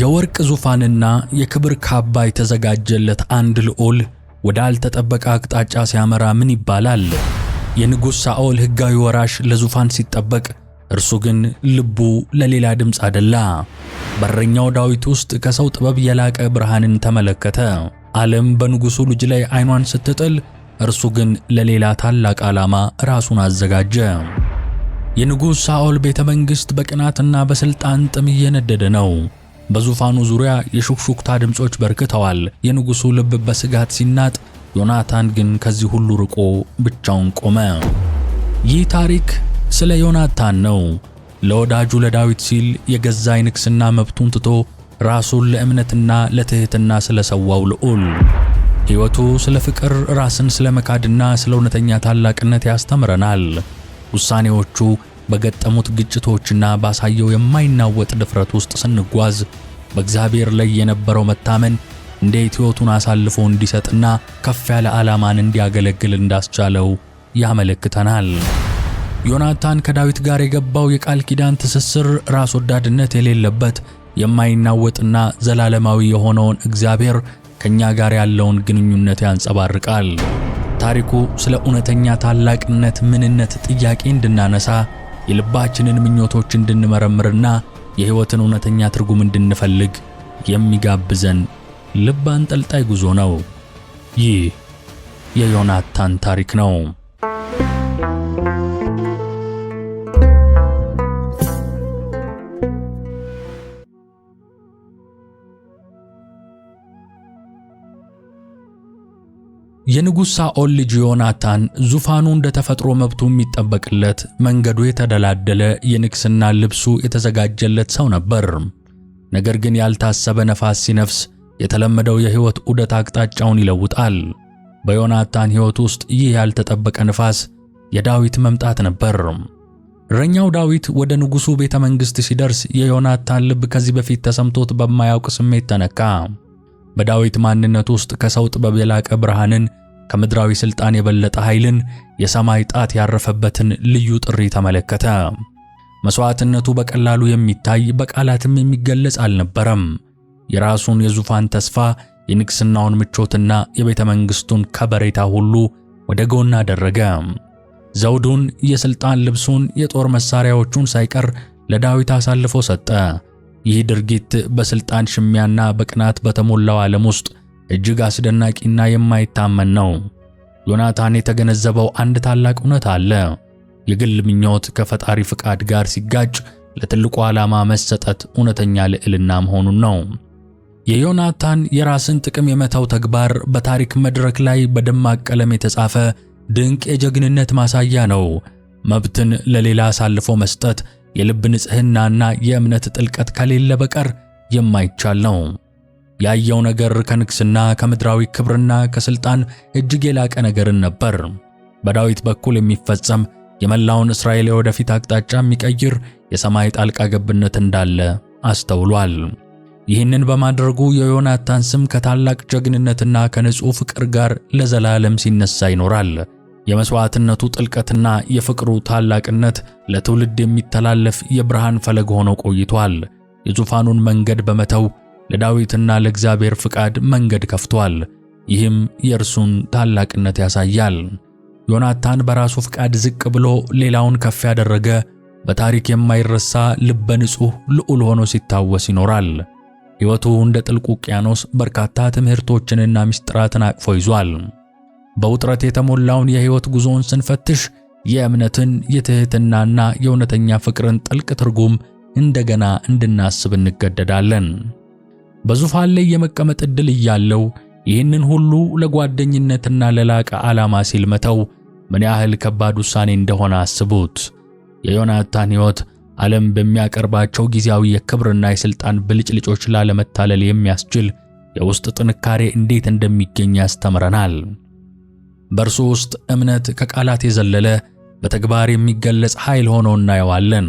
የወርቅ ዙፋንና የክብር ካባ የተዘጋጀለት አንድ ልዑል ወደ አልተጠበቀ አቅጣጫ ሲያመራ ምን ይባላል? የንጉሥ ሳኦል ሕጋዊ ወራሽ ለዙፋን ሲጠበቅ፣ እርሱ ግን ልቡ ለሌላ ድምፅ አደላ። በረኛው ዳዊት ውስጥ ከሰው ጥበብ የላቀ ብርሃንን ተመለከተ። ዓለም በንጉሡ ልጅ ላይ ዓይኗን ስትጥል፣ እርሱ ግን ለሌላ ታላቅ ዓላማ ራሱን አዘጋጀ። የንጉሥ ሳኦል ቤተ መንግሥት በቅናትና በሥልጣን ጥም እየነደደ ነው። በዙፋኑ ዙሪያ የሹክሹክታ ድምጾች በርክተዋል። የንጉሱ ልብ በስጋት ሲናጥ፣ ዮናታን ግን ከዚህ ሁሉ ርቆ ብቻውን ቆመ። ይህ ታሪክ ስለ ዮናታን ነው። ለወዳጁ ለዳዊት ሲል የገዛ ንግስና መብቱን ትቶ ራሱን ለእምነትና ለትሕትና ስለሰዋው ልዑል ሕይወቱ ስለ ፍቅር፣ ራስን ስለ መካድና ስለ እውነተኛ ታላቅነት ያስተምረናል። ውሳኔዎቹ በገጠሙት ግጭቶችና ባሳየው የማይናወጥ ድፍረት ውስጥ ስንጓዝ በእግዚአብሔር ላይ የነበረው መታመን እንዴት ሕይወቱን አሳልፎ እንዲሰጥና ከፍ ያለ ዓላማን እንዲያገለግል እንዳስቻለው ያመለክተናል። ዮናታን ከዳዊት ጋር የገባው የቃል ኪዳን ትስስር ራስ ወዳድነት የሌለበት የማይናወጥና ዘላለማዊ የሆነውን እግዚአብሔር ከኛ ጋር ያለውን ግንኙነት ያንጸባርቃል። ታሪኩ ስለ እውነተኛ ታላቅነት ምንነት ጥያቄ እንድናነሳ የልባችንን ምኞቶች እንድንመረምርና የሕይወትን እውነተኛ ትርጉም እንድንፈልግ የሚጋብዘን ልብ አንጠልጣይ ጉዞ ነው። ይህ የዮናታን ታሪክ ነው። የንጉሥ ሳኦል ልጅ ዮናታን ዙፋኑ እንደ ተፈጥሮ መብቱ የሚጠበቅለት መንገዱ የተደላደለ የንግሥና ልብሱ የተዘጋጀለት ሰው ነበር። ነገር ግን ያልታሰበ ነፋስ ሲነፍስ የተለመደው የሕይወት ዑደት አቅጣጫውን ይለውጣል። በዮናታን ሕይወት ውስጥ ይህ ያልተጠበቀ ንፋስ የዳዊት መምጣት ነበር። እረኛው ዳዊት ወደ ንጉሡ ቤተ መንግሥት ሲደርስ የዮናታን ልብ ከዚህ በፊት ተሰምቶት በማያውቅ ስሜት ተነካ። በዳዊት ማንነት ውስጥ ከሰው ጥበብ የላቀ ብርሃንን ከምድራዊ ሥልጣን የበለጠ ኃይልን፣ የሰማይ ጣት ያረፈበትን ልዩ ጥሪ ተመለከተ። መሥዋዕትነቱ በቀላሉ የሚታይ በቃላትም የሚገለጽ አልነበረም። የራሱን የዙፋን ተስፋ፣ የንግሥናውን ምቾትና የቤተ መንግሥቱን ከበሬታ ሁሉ ወደ ጎን አደረገ። ዘውዱን፣ የሥልጣን ልብሱን፣ የጦር መሣሪያዎቹን ሳይቀር ለዳዊት አሳልፎ ሰጠ። ይህ ድርጊት በሥልጣን ሽሚያና በቅናት በተሞላው ዓለም ውስጥ እጅግ አስደናቂና የማይታመን ነው። ዮናታን የተገነዘበው አንድ ታላቅ እውነት አለ። የግል ምኞት ከፈጣሪ ፍቃድ ጋር ሲጋጭ ለትልቁ ዓላማ መሰጠት እውነተኛ ልዕልና መሆኑን ነው። የዮናታን የራስን ጥቅም የመተው ተግባር በታሪክ መድረክ ላይ በደማቅ ቀለም የተጻፈ ድንቅ የጀግንነት ማሳያ ነው። መብትን ለሌላ አሳልፎ መስጠት የልብ ንጽህናና የእምነት ጥልቀት ከሌለ በቀር የማይቻል ነው። ያየው ነገር ከንግስና ከምድራዊ ክብርና ከስልጣን እጅግ የላቀ ነገርን ነበር። በዳዊት በኩል የሚፈጸም የመላውን እስራኤል የወደፊት አቅጣጫ የሚቀይር የሰማይ ጣልቃ ገብነት እንዳለ አስተውሏል። ይህንን በማድረጉ የዮናታን ስም ከታላቅ ጀግንነትና ከንጹሕ ፍቅር ጋር ለዘላለም ሲነሳ ይኖራል። የመሥዋዕትነቱ ጥልቀትና የፍቅሩ ታላቅነት ለትውልድ የሚተላለፍ የብርሃን ፈለግ ሆኖ ቆይቷል። የዙፋኑን መንገድ በመተው ለዳዊትና ለእግዚአብሔር ፍቃድ መንገድ ከፍቷል። ይህም የእርሱን ታላቅነት ያሳያል። ዮናታን በራሱ ፍቃድ ዝቅ ብሎ ሌላውን ከፍ ያደረገ፣ በታሪክ የማይረሳ ልበ ንጹሕ ልዑል ሆኖ ሲታወስ ይኖራል። ሕይወቱ እንደ ጥልቁ ውቅያኖስ በርካታ ትምህርቶችንና ምስጢራትን አቅፎ ይዟል። በውጥረት የተሞላውን የሕይወት ጉዞውን ስንፈትሽ የእምነትን የትሕትናና የእውነተኛ ፍቅርን ጥልቅ ትርጉም እንደገና እንድናስብ እንገደዳለን። በዙፋን ላይ የመቀመጥ ዕድል እያለው ይህንን ሁሉ ለጓደኝነትና ለላቀ ዓላማ ሲል መተው ምን ያህል ከባድ ውሳኔ እንደሆነ አስቡት። የዮናታን ሕይወት ዓለም በሚያቀርባቸው ጊዜያዊ የክብርና የሥልጣን ብልጭልጮች ላለመታለል የሚያስችል የውስጥ ጥንካሬ እንዴት እንደሚገኝ ያስተምረናል። በእርሱ ውስጥ እምነት ከቃላት የዘለለ በተግባር የሚገለጽ ኃይል ሆኖ እናየዋለን።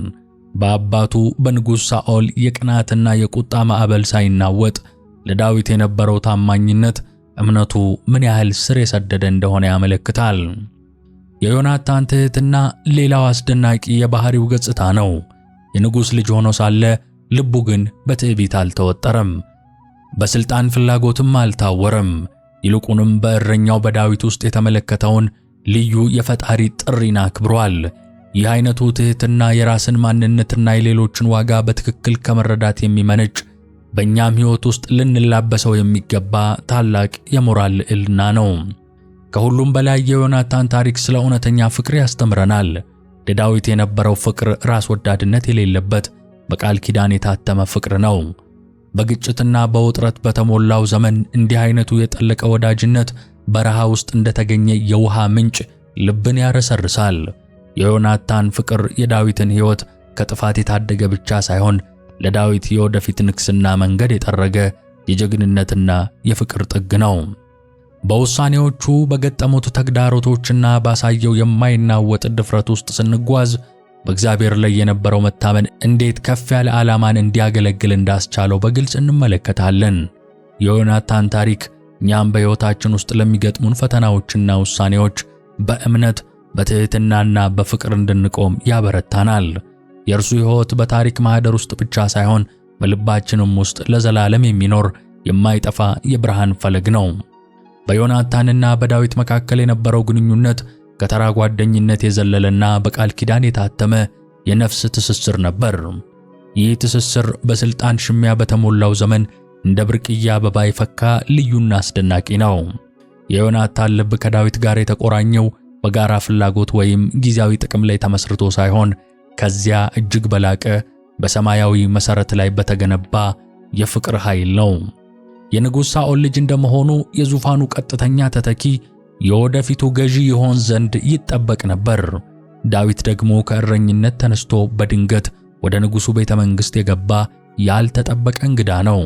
በአባቱ በንጉሥ ሳኦል የቅናትና የቁጣ ማዕበል ሳይናወጥ ለዳዊት የነበረው ታማኝነት እምነቱ ምን ያህል ስር የሰደደ እንደሆነ ያመለክታል። የዮናታን ትሕትና ሌላው አስደናቂ የባህሪው ገጽታ ነው። የንጉሥ ልጅ ሆኖ ሳለ ልቡ ግን በትዕቢት አልተወጠረም፣ በሥልጣን ፍላጎትም አልታወረም። ይልቁንም በእረኛው በዳዊት ውስጥ የተመለከተውን ልዩ የፈጣሪ ጥሪን አክብሯል። ይህ አይነቱ ትህትና የራስን ማንነትና የሌሎችን ዋጋ በትክክል ከመረዳት የሚመነጭ በእኛም ሕይወት ውስጥ ልንላበሰው የሚገባ ታላቅ የሞራል ልዕልና ነው። ከሁሉም በላይ የዮናታን ታሪክ ስለ እውነተኛ ፍቅር ያስተምረናል። ለዳዊት የነበረው ፍቅር ራስ ወዳድነት የሌለበት በቃል ኪዳን የታተመ ፍቅር ነው። በግጭትና በውጥረት በተሞላው ዘመን እንዲህ አይነቱ የጠለቀ ወዳጅነት በረሃ ውስጥ እንደተገኘ የውሃ ምንጭ ልብን ያረሰርሳል። የዮናታን ፍቅር የዳዊትን ሕይወት ከጥፋት የታደገ ብቻ ሳይሆን ለዳዊት የወደፊት ንግሥና መንገድ የጠረገ የጀግንነትና የፍቅር ጥግ ነው። በውሳኔዎቹ በገጠሙት ተግዳሮቶችና ባሳየው የማይናወጥ ድፍረት ውስጥ ስንጓዝ በእግዚአብሔር ላይ የነበረው መታመን እንዴት ከፍ ያለ ዓላማን እንዲያገለግል እንዳስቻለው በግልጽ እንመለከታለን። የዮናታን ታሪክ እኛም በሕይወታችን ውስጥ ለሚገጥሙን ፈተናዎችና ውሳኔዎች በእምነት በትሕትናና በፍቅር እንድንቆም ያበረታናል። የእርሱ ሕይወት በታሪክ ማኅደር ውስጥ ብቻ ሳይሆን በልባችንም ውስጥ ለዘላለም የሚኖር የማይጠፋ የብርሃን ፈለግ ነው። በዮናታንና በዳዊት መካከል የነበረው ግንኙነት ከተራ ጓደኝነት የዘለለና በቃል ኪዳን የታተመ የነፍስ ትስስር ነበር። ይህ ትስስር በሥልጣን ሽሚያ በተሞላው ዘመን እንደ ብርቅዬ አበባ የፈካ ልዩና አስደናቂ ነው። የዮናታን ልብ ከዳዊት ጋር የተቆራኘው በጋራ ፍላጎት ወይም ጊዜያዊ ጥቅም ላይ ተመስርቶ ሳይሆን ከዚያ እጅግ በላቀ በሰማያዊ መሠረት ላይ በተገነባ የፍቅር ኃይል ነው። የንጉሥ ሳኦል ልጅ እንደመሆኑ የዙፋኑ ቀጥተኛ ተተኪ የወደፊቱ ገዢ ይሆን ዘንድ ይጠበቅ ነበር። ዳዊት ደግሞ ከእረኝነት ተነስቶ በድንገት ወደ ንጉሡ ቤተ መንግሥት የገባ ያልተጠበቀ እንግዳ ነው።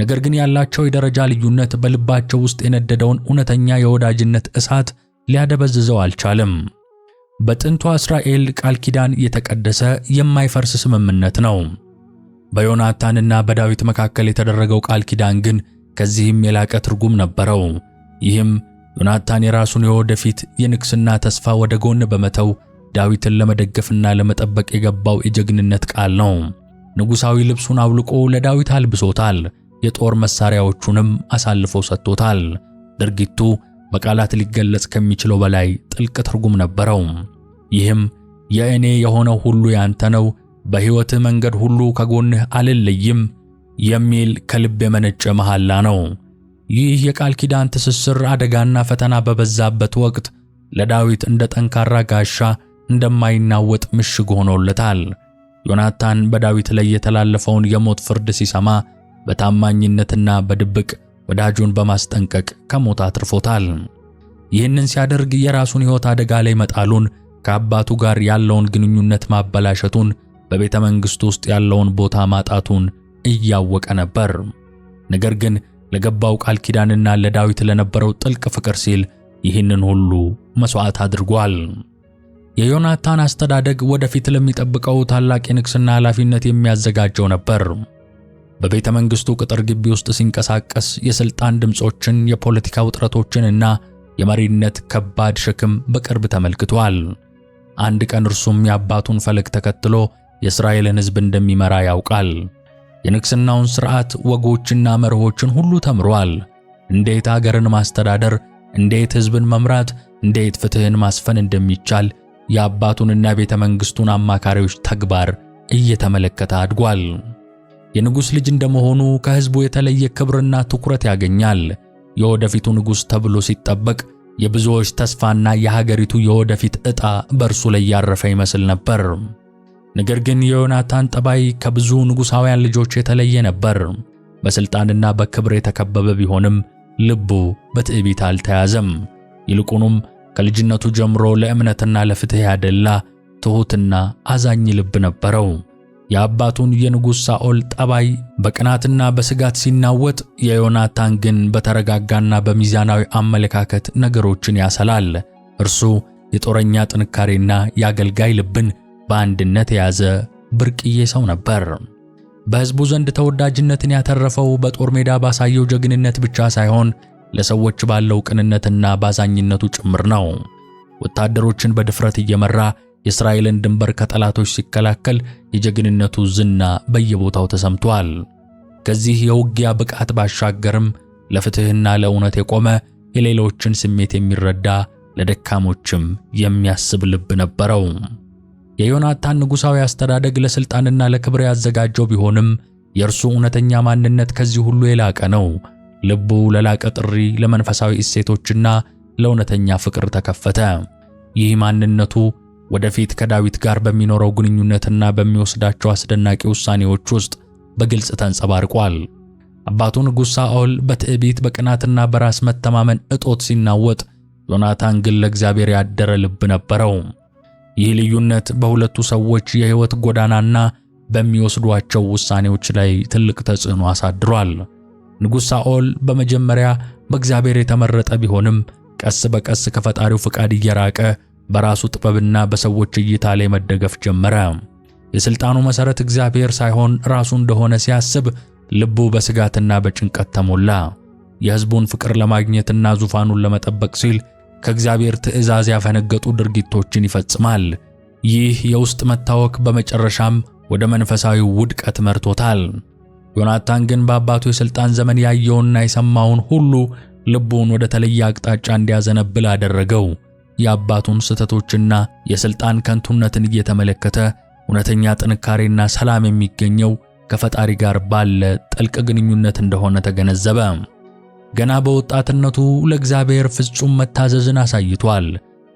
ነገር ግን ያላቸው የደረጃ ልዩነት በልባቸው ውስጥ የነደደውን እውነተኛ የወዳጅነት እሳት ሊያደበዝዘው አልቻለም። በጥንቷ እስራኤል ቃል ኪዳን የተቀደሰ የማይፈርስ ስምምነት ነው። በዮናታንና በዳዊት መካከል የተደረገው ቃል ኪዳን ግን ከዚህም የላቀ ትርጉም ነበረው። ይህም ዮናታን የራሱን የወደፊት የንግስና ተስፋ ወደ ጎን በመተው ዳዊትን ለመደገፍና ለመጠበቅ የገባው የጀግንነት ቃል ነው። ንጉሣዊ ልብሱን አውልቆ ለዳዊት አልብሶታል፣ የጦር መሳሪያዎቹንም አሳልፎ ሰጥቶታል። ድርጊቱ በቃላት ሊገለጽ ከሚችለው በላይ ጥልቅ ትርጉም ነበረው። ይህም የእኔ የሆነው ሁሉ ያንተ ነው፣ በሕይወትህ መንገድ ሁሉ ከጎንህ አልለይም የሚል ከልብ የመነጨ መሐላ ነው። ይህ የቃል ኪዳን ትስስር አደጋና ፈተና በበዛበት ወቅት ለዳዊት እንደ ጠንካራ ጋሻ እንደማይናወጥ ምሽግ ሆኖለታል። ዮናታን በዳዊት ላይ የተላለፈውን የሞት ፍርድ ሲሰማ በታማኝነትና በድብቅ ወዳጁን በማስጠንቀቅ ከሞት አትርፎታል። ይህንን ሲያደርግ የራሱን ሕይወት አደጋ ላይ መጣሉን፣ ከአባቱ ጋር ያለውን ግንኙነት ማበላሸቱን፣ በቤተ መንግሥቱ ውስጥ ያለውን ቦታ ማጣቱን እያወቀ ነበር። ነገር ግን ለገባው ቃል ኪዳንና ለዳዊት ለነበረው ጥልቅ ፍቅር ሲል ይህንን ሁሉ መሥዋዕት አድርጓል። የዮናታን አስተዳደግ ወደፊት ለሚጠብቀው ታላቅ የንግሥና ኃላፊነት የሚያዘጋጀው ነበር። በቤተ መንግሥቱ ቅጥር ግቢ ውስጥ ሲንቀሳቀስ የሥልጣን ድምፆችን፣ የፖለቲካ ውጥረቶችን እና የመሪነት ከባድ ሸክም በቅርብ ተመልክቷል። አንድ ቀን እርሱም የአባቱን ፈለግ ተከትሎ የእስራኤልን ሕዝብ እንደሚመራ ያውቃል። የንግሥናውን ሥርዓት ወጎችና መርሆችን ሁሉ ተምሯል። እንዴት አገርን ማስተዳደር፣ እንዴት ሕዝብን መምራት፣ እንዴት ፍትሕን ማስፈን እንደሚቻል የአባቱንና ቤተ መንግሥቱን አማካሪዎች ተግባር እየተመለከተ አድጓል። የንጉሥ ልጅ እንደመሆኑ ከሕዝቡ የተለየ ክብርና ትኩረት ያገኛል። የወደፊቱ ንጉሥ ተብሎ ሲጠበቅ የብዙዎች ተስፋና የሀገሪቱ የወደፊት ዕጣ በእርሱ ላይ ያረፈ ይመስል ነበር። ነገር ግን የዮናታን ጠባይ ከብዙ ንጉሣውያን ልጆች የተለየ ነበር። በሥልጣንና በክብር የተከበበ ቢሆንም ልቡ በትዕቢት አልተያዘም። ይልቁኑም ከልጅነቱ ጀምሮ ለእምነትና ለፍትሕ ያደላ ትሑትና አዛኝ ልብ ነበረው። የአባቱን የንጉሥ ሳኦል ጠባይ በቅናትና በስጋት ሲናወጥ፣ የዮናታን ግን በተረጋጋና በሚዛናዊ አመለካከት ነገሮችን ያሰላል። እርሱ የጦረኛ ጥንካሬና የአገልጋይ ልብን በአንድነት የያዘ ብርቅዬ ሰው ነበር። በሕዝቡ ዘንድ ተወዳጅነትን ያተረፈው በጦር ሜዳ ባሳየው ጀግንነት ብቻ ሳይሆን ለሰዎች ባለው ቅንነትና ባዛኝነቱ ጭምር ነው። ወታደሮችን በድፍረት እየመራ የእስራኤልን ድንበር ከጠላቶች ሲከላከል የጀግንነቱ ዝና በየቦታው ተሰምቷል። ከዚህ የውጊያ ብቃት ባሻገርም ለፍትህና ለእውነት የቆመ የሌሎችን ስሜት የሚረዳ ለደካሞችም የሚያስብ ልብ ነበረው። የዮናታን ንጉሣዊ አስተዳደግ ለስልጣንና ለክብር ያዘጋጀው ቢሆንም የእርሱ እውነተኛ ማንነት ከዚህ ሁሉ የላቀ ነው። ልቡ ለላቀ ጥሪ፣ ለመንፈሳዊ እሴቶችና ለእውነተኛ ፍቅር ተከፈተ። ይህ ማንነቱ ወደፊት ከዳዊት ጋር በሚኖረው ግንኙነትና በሚወስዳቸው አስደናቂ ውሳኔዎች ውስጥ በግልጽ ተንጸባርቋል። አባቱ ንጉሥ ሳኦል በትዕቢት በቅናትና በራስ መተማመን እጦት ሲናወጥ፣ ዮናታን ግን ለእግዚአብሔር ያደረ ልብ ነበረው። ይህ ልዩነት በሁለቱ ሰዎች የሕይወት ጎዳናና በሚወስዷቸው ውሳኔዎች ላይ ትልቅ ተጽዕኖ አሳድሯል። ንጉሥ ሳኦል በመጀመሪያ በእግዚአብሔር የተመረጠ ቢሆንም ቀስ በቀስ ከፈጣሪው ፍቃድ እየራቀ በራሱ ጥበብና በሰዎች እይታ ላይ መደገፍ ጀመረ። የሥልጣኑ መሠረት እግዚአብሔር ሳይሆን ራሱ እንደሆነ ሲያስብ ልቡ በስጋትና በጭንቀት ተሞላ። የሕዝቡን ፍቅር ለማግኘትና ዙፋኑን ለመጠበቅ ሲል ከእግዚአብሔር ትእዛዝ ያፈነገጡ ድርጊቶችን ይፈጽማል። ይህ የውስጥ መታወክ በመጨረሻም ወደ መንፈሳዊ ውድቀት መርቶታል። ዮናታን ግን በአባቱ የሥልጣን ዘመን ያየውና የሰማውን ሁሉ ልቡን ወደ ተለየ አቅጣጫ እንዲያዘነብል አደረገው። የአባቱን ስህተቶችና የሥልጣን ከንቱነትን እየተመለከተ እውነተኛ ጥንካሬና ሰላም የሚገኘው ከፈጣሪ ጋር ባለ ጥልቅ ግንኙነት እንደሆነ ተገነዘበ። ገና በወጣትነቱ ለእግዚአብሔር ፍጹም መታዘዝን አሳይቷል።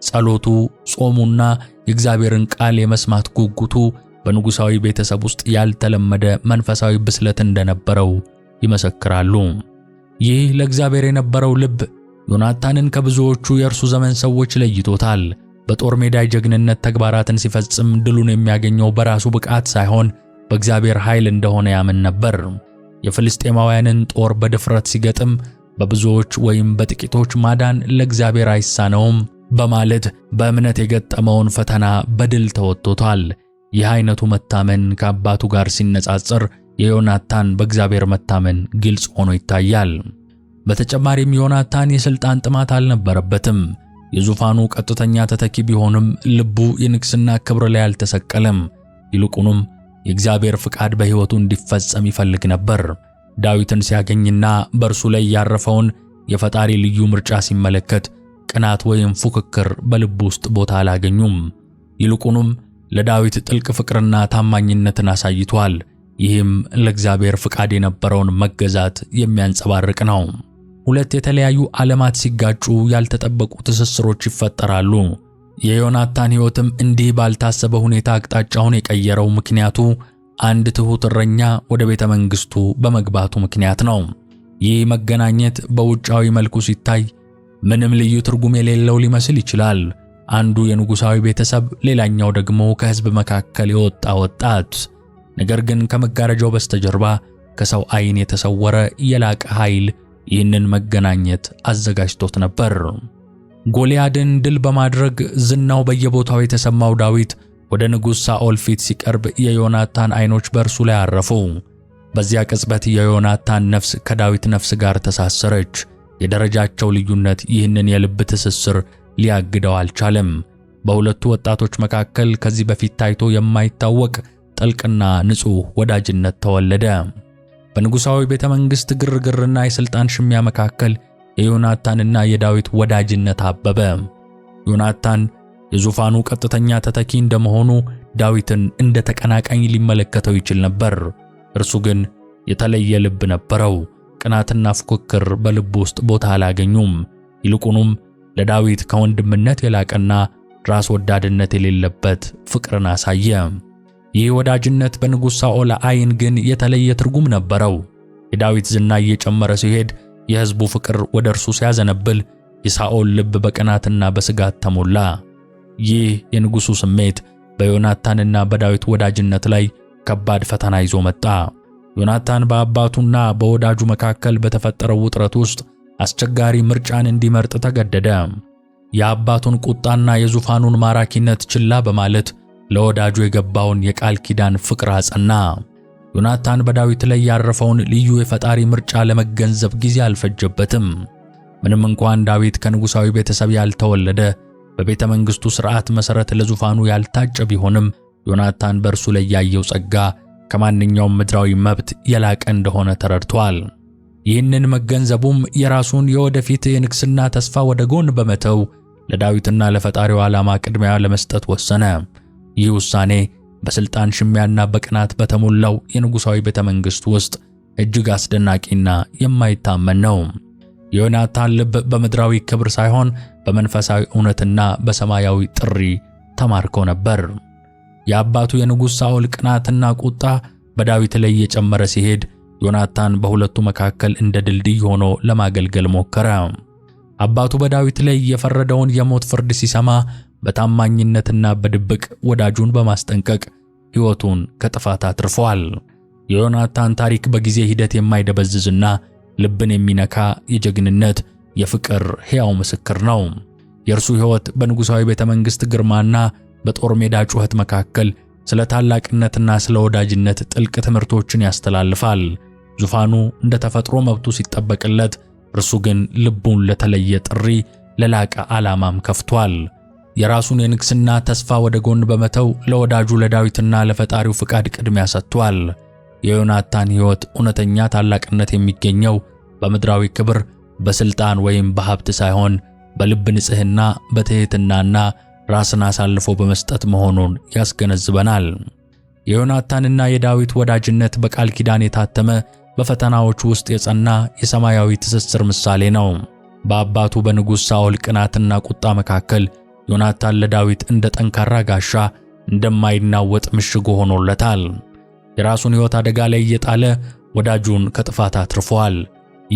ጸሎቱ፣ ጾሙና የእግዚአብሔርን ቃል የመስማት ጉጉቱ በንጉሣዊ ቤተሰብ ውስጥ ያልተለመደ መንፈሳዊ ብስለት እንደነበረው ይመሰክራሉ። ይህ ለእግዚአብሔር የነበረው ልብ ዮናታንን ከብዙዎቹ የእርሱ ዘመን ሰዎች ለይቶታል። በጦር ሜዳ የጀግንነት ተግባራትን ሲፈጽም ድሉን የሚያገኘው በራሱ ብቃት ሳይሆን በእግዚአብሔር ኃይል እንደሆነ ያምን ነበር። የፍልስጤማውያንን ጦር በድፍረት ሲገጥም በብዙዎች ወይም በጥቂቶች ማዳን ለእግዚአብሔር አይሳነውም በማለት በእምነት የገጠመውን ፈተና በድል ተወጥቶታል። ይህ አይነቱ መታመን ከአባቱ ጋር ሲነጻጸር የዮናታን በእግዚአብሔር መታመን ግልጽ ሆኖ ይታያል። በተጨማሪም ዮናታን የሥልጣን ጥማት አልነበረበትም። የዙፋኑ ቀጥተኛ ተተኪ ቢሆንም ልቡ የንግሥና ክብር ላይ አልተሰቀለም። ይልቁንም የእግዚአብሔር ፍቃድ በሕይወቱ እንዲፈጸም ይፈልግ ነበር። ዳዊትን ሲያገኝና በእርሱ ላይ ያረፈውን የፈጣሪ ልዩ ምርጫ ሲመለከት ቅናት ወይም ፉክክር በልቡ ውስጥ ቦታ አላገኙም። ይልቁንም ለዳዊት ጥልቅ ፍቅርና ታማኝነትን አሳይቷል። ይህም ለእግዚአብሔር ፍቃድ የነበረውን መገዛት የሚያንጸባርቅ ነው። ሁለት የተለያዩ ዓለማት ሲጋጩ ያልተጠበቁ ትስስሮች ይፈጠራሉ። የዮናታን ሕይወትም እንዲህ ባልታሰበ ሁኔታ አቅጣጫውን የቀየረው ምክንያቱ አንድ ትሑት እረኛ ወደ ቤተ መንግሥቱ በመግባቱ ምክንያት ነው። ይህ መገናኘት በውጫዊ መልኩ ሲታይ ምንም ልዩ ትርጉም የሌለው ሊመስል ይችላል። አንዱ የንጉሣዊ ቤተሰብ፣ ሌላኛው ደግሞ ከሕዝብ መካከል የወጣ ወጣት። ነገር ግን ከመጋረጃው በስተጀርባ ከሰው ዓይን የተሰወረ የላቀ ኃይል ይህንን መገናኘት አዘጋጅቶት ነበር። ጎልያድን ድል በማድረግ ዝናው በየቦታው የተሰማው ዳዊት ወደ ንጉሥ ሳኦል ፊት ሲቀርብ የዮናታን ዐይኖች በእርሱ ላይ አረፉ። በዚያ ቅጽበት የዮናታን ነፍስ ከዳዊት ነፍስ ጋር ተሳሰረች። የደረጃቸው ልዩነት ይህንን የልብ ትስስር ሊያግደው አልቻለም። በሁለቱ ወጣቶች መካከል ከዚህ በፊት ታይቶ የማይታወቅ ጥልቅና ንጹሕ ወዳጅነት ተወለደ። በንጉሣዊ ቤተ መንግሥት ግርግርና የሥልጣን ሽሚያ መካከል የዮናታንና የዳዊት ወዳጅነት አበበ። ዮናታን የዙፋኑ ቀጥተኛ ተተኪ እንደመሆኑ ዳዊትን እንደ ተቀናቃኝ ሊመለከተው ይችል ነበር። እርሱ ግን የተለየ ልብ ነበረው። ቅናትና ፉክክር በልብ ውስጥ ቦታ አላገኙም። ይልቁኑም ለዳዊት ከወንድምነት የላቀና ራስ ወዳድነት የሌለበት ፍቅርን አሳየም። ይህ ወዳጅነት በንጉሥ ሳኦል ዓይን ግን የተለየ ትርጉም ነበረው። የዳዊት ዝና እየጨመረ ሲሄድ፣ የሕዝቡ ፍቅር ወደ እርሱ ሲያዘነብል፣ የሳኦል ልብ በቅናትና በስጋት ተሞላ። ይህ የንጉሡ ስሜት በዮናታንና በዳዊት ወዳጅነት ላይ ከባድ ፈተና ይዞ መጣ። ዮናታን በአባቱና በወዳጁ መካከል በተፈጠረው ውጥረት ውስጥ አስቸጋሪ ምርጫን እንዲመርጥ ተገደደ። የአባቱን ቁጣና የዙፋኑን ማራኪነት ችላ በማለት ለወዳጁ የገባውን የቃል ኪዳን ፍቅር አጸና። ዮናታን በዳዊት ላይ ያረፈውን ልዩ የፈጣሪ ምርጫ ለመገንዘብ ጊዜ አልፈጀበትም። ምንም እንኳን ዳዊት ከንጉሣዊ ቤተሰብ ያልተወለደ በቤተ መንግሥቱ ሥርዓት መሠረት ለዙፋኑ ያልታጨ ቢሆንም ዮናታን በእርሱ ላይ ያየው ጸጋ ከማንኛውም ምድራዊ መብት የላቀ እንደሆነ ተረድቷል። ይህንን መገንዘቡም የራሱን የወደፊት የንግሥና ተስፋ ወደ ጎን በመተው ለዳዊትና ለፈጣሪው ዓላማ ቅድሚያ ለመስጠት ወሰነ። ይህ ውሳኔ በስልጣን ሽሚያና በቅናት በተሞላው የንጉሣዊ ቤተ መንግስት ውስጥ እጅግ አስደናቂና የማይታመን ነው። የዮናታን ልብ በምድራዊ ክብር ሳይሆን በመንፈሳዊ እውነትና በሰማያዊ ጥሪ ተማርኮ ነበር። የአባቱ የንጉሥ ሳኦል ቅናትና ቁጣ በዳዊት ላይ እየጨመረ ሲሄድ፣ ዮናታን በሁለቱ መካከል እንደ ድልድይ ሆኖ ለማገልገል ሞከረ። አባቱ በዳዊት ላይ የፈረደውን የሞት ፍርድ ሲሰማ በታማኝነትና በድብቅ ወዳጁን በማስጠንቀቅ ሕይወቱን ከጥፋት አትርፈዋል። የዮናታን ታሪክ በጊዜ ሂደት የማይደበዝዝና ልብን የሚነካ የጀግንነት የፍቅር ሕያው ምስክር ነው። የእርሱ ሕይወት በንጉሣዊ ቤተ መንግሥት ግርማና በጦር ሜዳ ጩኸት መካከል ስለ ታላቅነትና ስለ ወዳጅነት ጥልቅ ትምህርቶችን ያስተላልፋል። ዙፋኑ እንደ ተፈጥሮ መብቱ ሲጠበቅለት፣ እርሱ ግን ልቡን ለተለየ ጥሪ፣ ለላቀ ዓላማም ከፍቷል። የራሱን የንግስና ተስፋ ወደ ጎን በመተው ለወዳጁ ለዳዊትና ለፈጣሪው ፍቃድ ቅድሚያ ሰጥቷል። የዮናታን ሕይወት እውነተኛ ታላቅነት የሚገኘው በምድራዊ ክብር፣ በስልጣን ወይም በሀብት ሳይሆን በልብ ንጽህና በትሕትናና ራስን አሳልፎ በመስጠት መሆኑን ያስገነዝበናል። የዮናታንና የዳዊት ወዳጅነት በቃል ኪዳን የታተመ በፈተናዎች ውስጥ የጸና የሰማያዊ ትስስር ምሳሌ ነው። በአባቱ በንጉሥ ሳኦል ቅናትና ቁጣ መካከል ዮናታን ለዳዊት እንደ ጠንካራ ጋሻ እንደማይናወጥ ምሽግ ሆኖለታል። የራሱን ሕይወት አደጋ ላይ እየጣለ ወዳጁን ከጥፋት አትርፏል።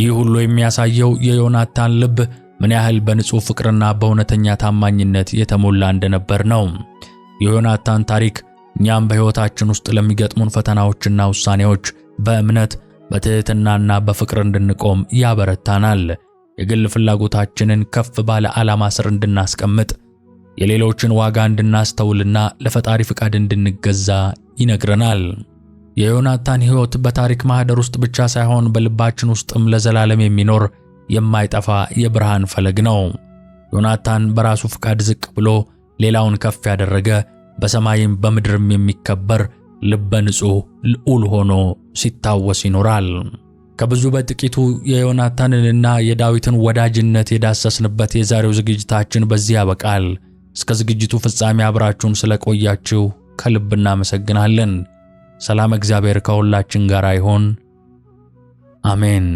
ይህ ሁሉ የሚያሳየው የዮናታን ልብ ምን ያህል በንጹሕ ፍቅርና በእውነተኛ ታማኝነት የተሞላ እንደነበር ነው። የዮናታን ታሪክ እኛም በሕይወታችን ውስጥ ለሚገጥሙን ፈተናዎችና ውሳኔዎች በእምነት በትሕትናና በፍቅር እንድንቆም ያበረታናል። የግል ፍላጎታችንን ከፍ ባለ ዓላማ ስር እንድናስቀምጥ የሌሎችን ዋጋ እንድናስተውልና ለፈጣሪ ፍቃድ እንድንገዛ ይነግረናል። የዮናታን ሕይወት በታሪክ ማኅደር ውስጥ ብቻ ሳይሆን በልባችን ውስጥም ለዘላለም የሚኖር የማይጠፋ የብርሃን ፈለግ ነው። ዮናታን በራሱ ፍቃድ ዝቅ ብሎ ሌላውን ከፍ ያደረገ፣ በሰማይም በምድርም የሚከበር ልበ ንጹሕ ልዑል ሆኖ ሲታወስ ይኖራል። ከብዙ በጥቂቱ የዮናታንንና የዳዊትን ወዳጅነት የዳሰስንበት የዛሬው ዝግጅታችን በዚህ ያበቃል። እስከ ዝግጅቱ ፍጻሜ አብራችሁን ስለቆያችሁ ከልብ እናመሰግናለን። ሰላም፣ እግዚአብሔር ከሁላችን ጋር ይሁን። አሜን።